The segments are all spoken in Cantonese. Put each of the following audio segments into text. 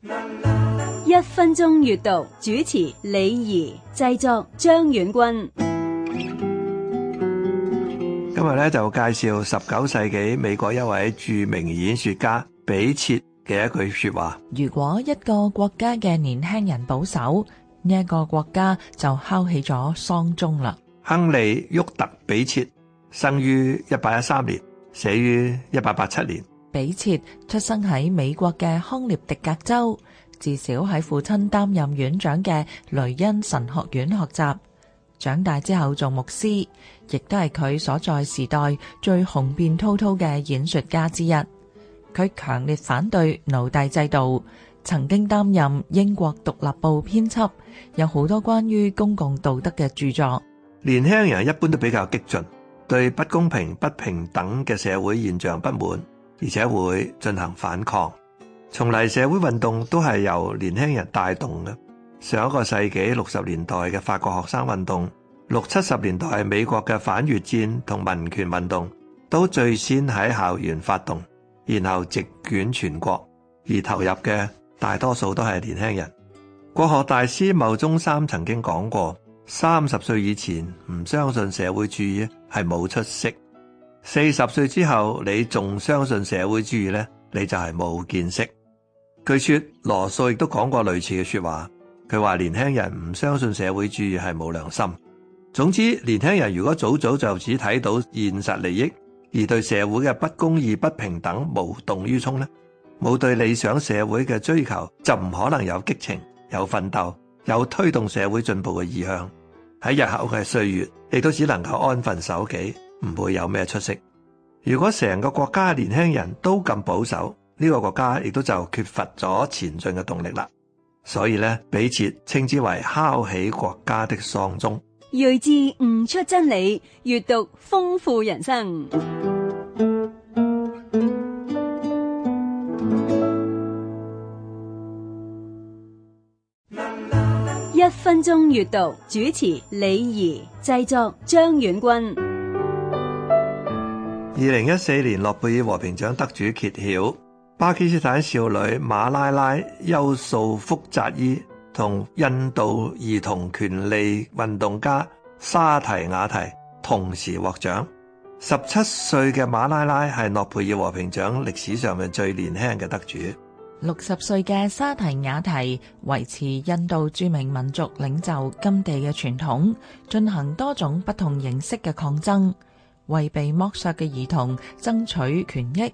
一分鐘閱讀主持李儀製作張遠君，今日咧就介紹十九世紀美國一位著名演說家比切嘅一句說話：如果一個國家嘅年輕人保守，呢、這、一個國家就敲起咗喪鐘啦。亨利·沃特比切生於一八一三年，死於一八八七年。比切出生喺美國嘅康涅狄格州，自小喺父親擔任院長嘅雷恩神學院學習。長大之後做牧師，亦都係佢所在時代最雄辯滔滔嘅演說家之一。佢強烈反對奴隸制度，曾經擔任英國獨立報編輯，有好多關於公共道德嘅著作。年輕人一般都比較激進，對不公平、不平等嘅社會現象不滿。而且會進行反抗，從嚟社會運動都係由年輕人帶動嘅。上一個世紀六十年代嘅法國學生運動，六七十年代美國嘅反越戰同民權運動，都最先喺校園發動，然後席捲全國。而投入嘅大多數都係年輕人。國學大師牟宗三曾經講過：三十歲以前唔相信社會主義係冇出息。四十歲之後，你仲相信社會主義呢？你就係冇見識。據說羅素亦都講過類似嘅說話。佢話，年輕人唔相信社會主義係冇良心。總之，年輕人如果早早就只睇到現實利益，而對社會嘅不公義、不平等無動於衷呢，冇對理想社會嘅追求，就唔可能有激情、有奮鬥、有推動社會進步嘅意向。喺日後嘅歲月，亦都只能夠安分守己，唔會有咩出息。如果成個國家年輕人都咁保守，呢個國家亦都就缺乏咗前進嘅動力啦。所以咧，彼此稱之為敲起國家的喪鐘。睿智悟出真理，閱讀豐富人生。一分鐘閱讀，主持李儀，製作張遠軍。二零一四年諾貝爾和平獎得主揭曉，巴基斯坦少女馬拉拉優素福扎伊同印度兒童權利運動家沙提雅提同時獲獎。十七歲嘅馬拉拉係諾貝爾和平獎歷史上嘅最年輕嘅得主。六十歲嘅沙提雅提維持印度著名民族領袖甘地嘅傳統，進行多種不同形式嘅抗爭。為被剝削嘅兒童爭取權益，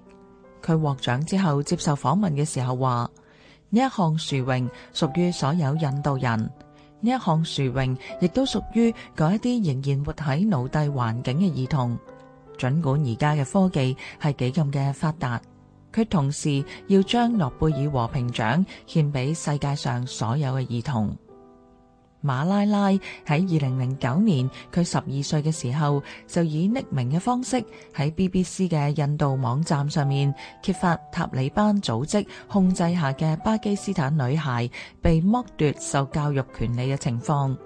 佢獲獎之後接受訪問嘅時候話：呢一項殊榮屬於所有印度人，呢一項殊榮亦都屬於嗰一啲仍然活喺奴隸環境嘅兒童。盡管而家嘅科技係幾咁嘅發達，佢同時要將諾貝爾和平獎獻俾世界上所有嘅兒童。馬拉拉喺二零零九年，佢十二歲嘅時候，就以匿名嘅方式喺 BBC 嘅印度網站上面揭發塔利班組織控制下嘅巴基斯坦女孩被剝奪受教育權利嘅情況，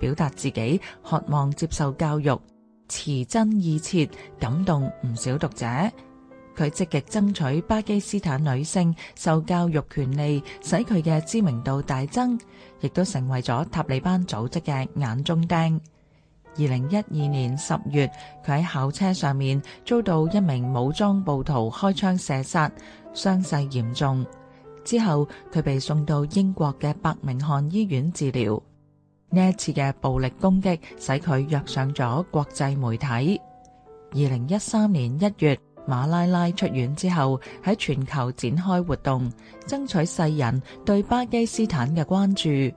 表達自己渴望接受教育，詞真意切，感動唔少讀者。佢積極爭取巴基斯坦女性受教育權利，使佢嘅知名度大增，亦都成為咗塔利班組織嘅眼中釘。二零一二年十月，佢喺校車上面遭到一名武裝暴徒開槍射殺，傷勢嚴重。之後佢被送到英國嘅伯明翰醫院治療。呢一次嘅暴力攻擊使佢約上咗國際媒體。二零一三年一月，馬拉拉出院之後，喺全球展開活動，爭取世人對巴基斯坦嘅關注。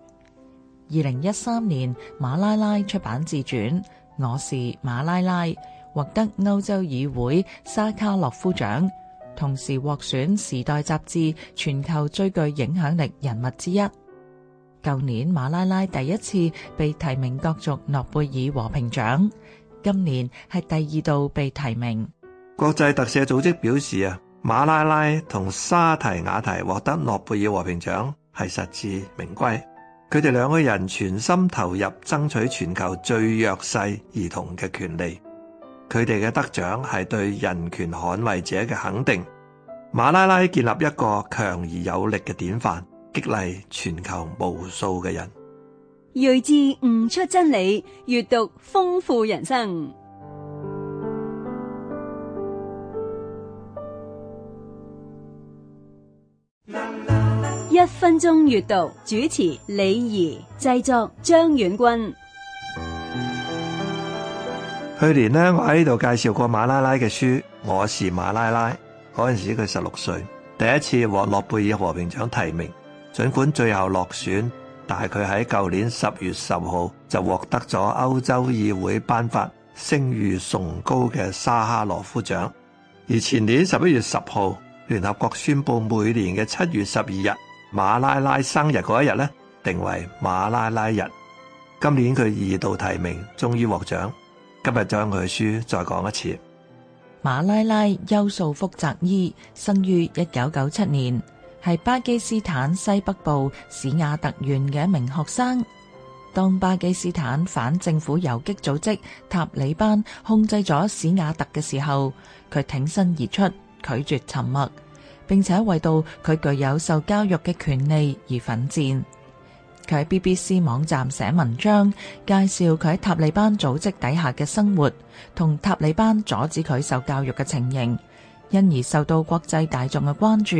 二零一三年，馬拉拉出版自傳《我是馬拉拉》，獲得歐洲議會沙卡洛夫獎，同時獲選《時代》雜誌全球最具影響力人物之一。舊年馬拉拉第一次被提名角逐諾貝爾和平獎，今年係第二度被提名。國際特赦組織表示啊，馬拉拉同沙提雅提獲得諾貝爾和平獎係實至名歸。佢哋兩個人全心投入爭取全球最弱勢兒童嘅權利，佢哋嘅得獎係對人權捍衛者嘅肯定。馬拉拉建立一個強而有力嘅典範，激勵全球無數嘅人。睿智悟出真理，閱讀豐富人生。一分鐘閱讀，主持李怡，製作張遠君。去年呢，我喺度介紹過馬拉拉嘅書《我是馬拉拉》。嗰陣時佢十六歲，第一次獲諾貝爾和平獎提名。盡管最後落選，但係佢喺舊年十月十號就獲得咗歐洲議會頒發聲譽崇高嘅沙哈羅夫獎。而前年十一月十號，聯合國宣布每年嘅七月十二日，馬拉拉生日嗰一日呢，定為馬拉拉日。今年佢二度提名，終於獲獎。今日將佢嘅書再講一次。馬拉拉·優素福·扎伊生於一九九七年，係巴基斯坦西北部史亞特縣嘅一名學生。當巴基斯坦反政府游擊組織塔利班控制咗史亞特嘅時候，佢挺身而出，拒絕沉默。並且為到佢具有受教育嘅權利而奮戰。佢喺 BBC 網站寫文章，介紹佢喺塔利班組織底下嘅生活，同塔利班阻止佢受教育嘅情形，因而受到國際大眾嘅關注。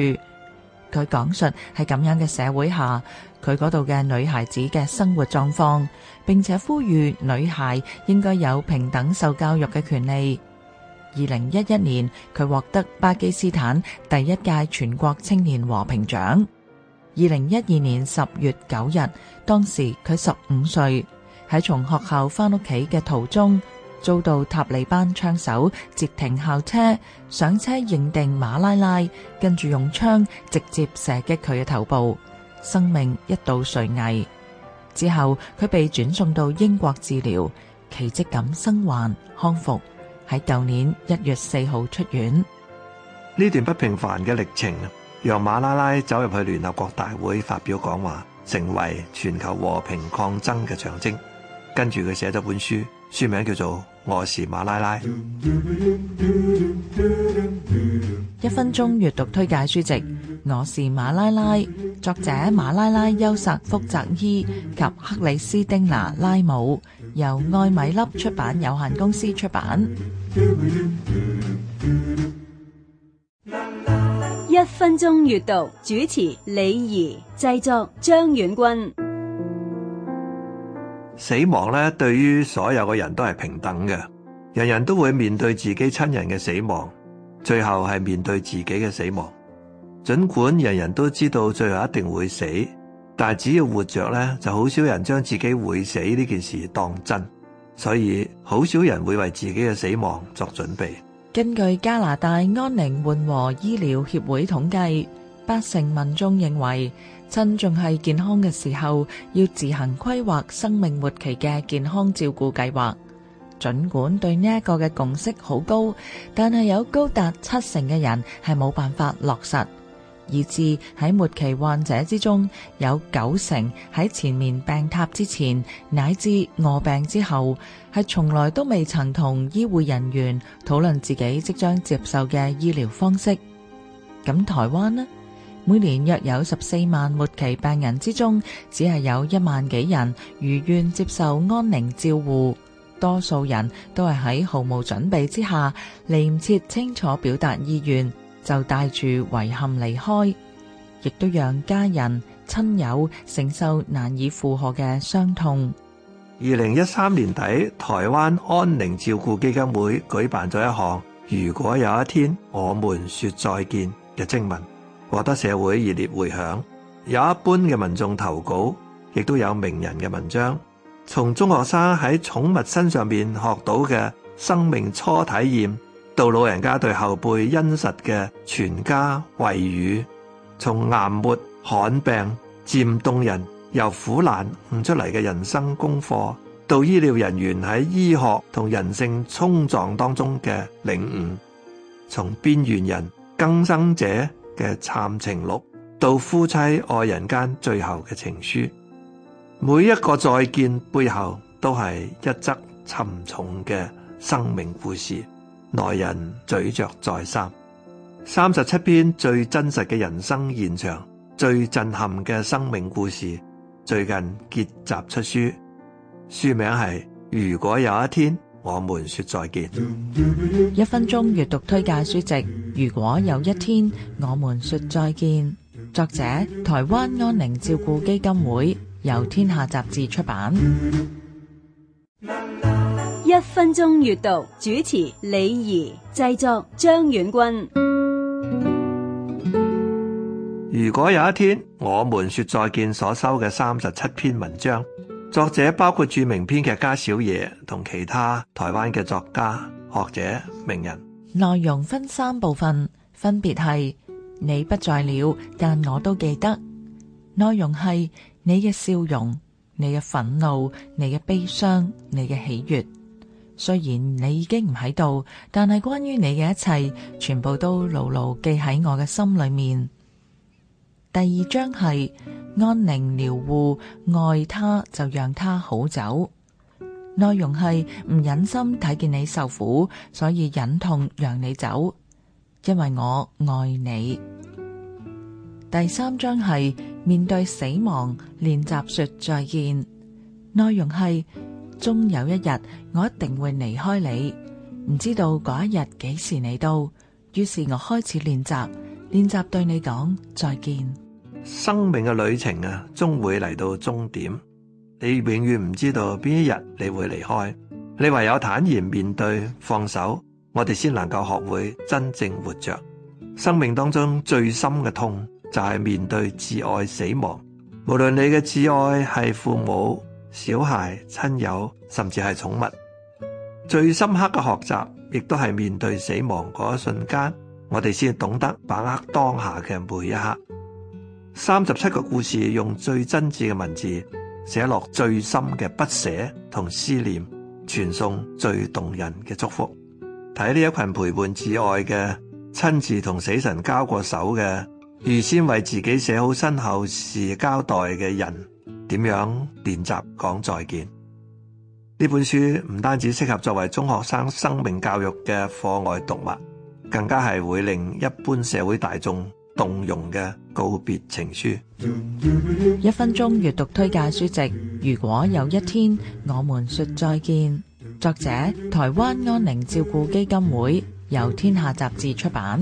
佢講述喺咁樣嘅社會下，佢嗰度嘅女孩子嘅生活狀況，並且呼籲女孩應該有平等受教育嘅權利。2011年佢獲得巴基斯坦第一屆全國青年和平獎。2012年10月9日，當時佢15歲，喺從學校返屋企嘅途中，遭到塔利班槍手，截停校車，上車認定馬拉拉，跟住用槍直接射擊佢嘅頭部，生命一度垂危。之後，佢被轉送到英國治療，奇蹟咁生還康復。喺舊年一月四號出院，呢段不平凡嘅歷程，由馬拉拉走入去聯合國大會發表講話，成為全球和平抗爭嘅象徵。跟住佢寫咗本書，書名叫做《我是馬拉拉》。一分鐘閱讀推介書籍《我是馬拉拉》，作者馬拉拉·優薩福澤伊及克里斯丁娜·拉姆，由愛米粒出版有限公司出版。一分鐘閱讀主持李怡，製作張遠君。死亡咧，對於所有嘅人都係平等嘅，人人都會面對自己親人嘅死亡，最後係面對自己嘅死亡。盡管人人都知道最後一定會死，但係只要活着咧，就好少人將自己會死呢件事當真。所以好少人會為自己嘅死亡作準備。根據加拿大安寧緩和醫療協會統計，八成民眾認為趁仲係健康嘅時候，要自行規劃生命末期嘅健康照顧計劃。盡管對呢一個嘅共識好高，但係有高達七成嘅人係冇辦法落實。以致喺末期患者之中，有九成喺前面病榻之前乃至臥病之後，係從來都未曾同醫護人員討論自己即將接受嘅醫療方式。咁台灣呢，每年約有十四萬末期病人之中，只係有一萬幾人如願接受安寧照護，多數人都係喺毫無準備之下，嚟唔切清楚表達意願。就帶住遺憾離開，亦都讓家人、親友承受難以負荷嘅傷痛。二零一三年底，台灣安寧照顧基金會舉辦咗一項，如果有一天我們說再見嘅徵文，獲得社會熱烈迴響。有一般嘅民眾投稿，亦都有名人嘅文章，從中學生喺寵物身上邊學到嘅生命初體驗，到老人家對後輩殷實嘅全家遺語，從癌末罕病漸凍人，由苦難悟出嚟嘅人生功課，到醫療人員喺醫學同人性衝撞當中嘅領悟，從邊緣人更生者嘅慘情錄，到夫妻愛人間最後嘅情書，每一個再見背後都係一則沉重嘅生命故事。內人嘴咀嚼再三，三十七篇最真實嘅人生現場，最震撼嘅生命故事，最近結集出書，書名係《如果有一天我們說再見》。一分鐘閱讀推介書籍《如果有一天我們說再見》，作者台灣安寧照顧基金會，由天下雜誌出版。一分鐘閱讀，主持李怡，製作張遠君。如果有一天我們說再見，所收嘅三十七篇文章，作者包括著名編劇家小野同其他台灣嘅作家、學者、名人。內容分三部分，分別係你不在了，但我都記得。內容係你嘅笑容、你嘅憤怒、你嘅悲傷、你嘅喜悅。雖然你已經唔喺度，但係關於你嘅一切，全部都牢牢記喺我嘅心裏面。第二章係安寧療護，愛他就讓他好走。內容係唔忍心睇見你受苦，所以忍痛讓你走，因為我愛你。第三章係面對死亡，練習說再見。內容係。終有一日，我一定會離開你，唔知道嗰一日幾時嚟到。於是我開始練習，練習對你講再見。生命嘅旅程啊，終會嚟到終點。你永遠唔知道邊一日你會離開，你唯有坦然面對放手，我哋先能夠學會真正活着。生命當中最深嘅痛，就係面對摯愛死亡。無論你嘅摯愛係父母、小孩、親友甚至係寵物，最深刻嘅學習，亦都係面對死亡嗰一瞬間，我哋先懂得把握當下嘅每一刻。三十七個故事，用最真摯嘅文字，寫落最深嘅不捨同思念，傳送最動人嘅祝福。睇呢一群陪伴摯愛嘅、親自同死神交過手嘅、預先為自己寫好身後事交代嘅人。點樣練習講再見？呢本書唔單止適合作為中學生生命教育嘅課外讀物，更加係會令一般社會大眾動容嘅告別情書。一分鐘閱讀推介書籍：如果有一天我們說再見，作者台灣安寧照顧基金會，由天下雜誌出版。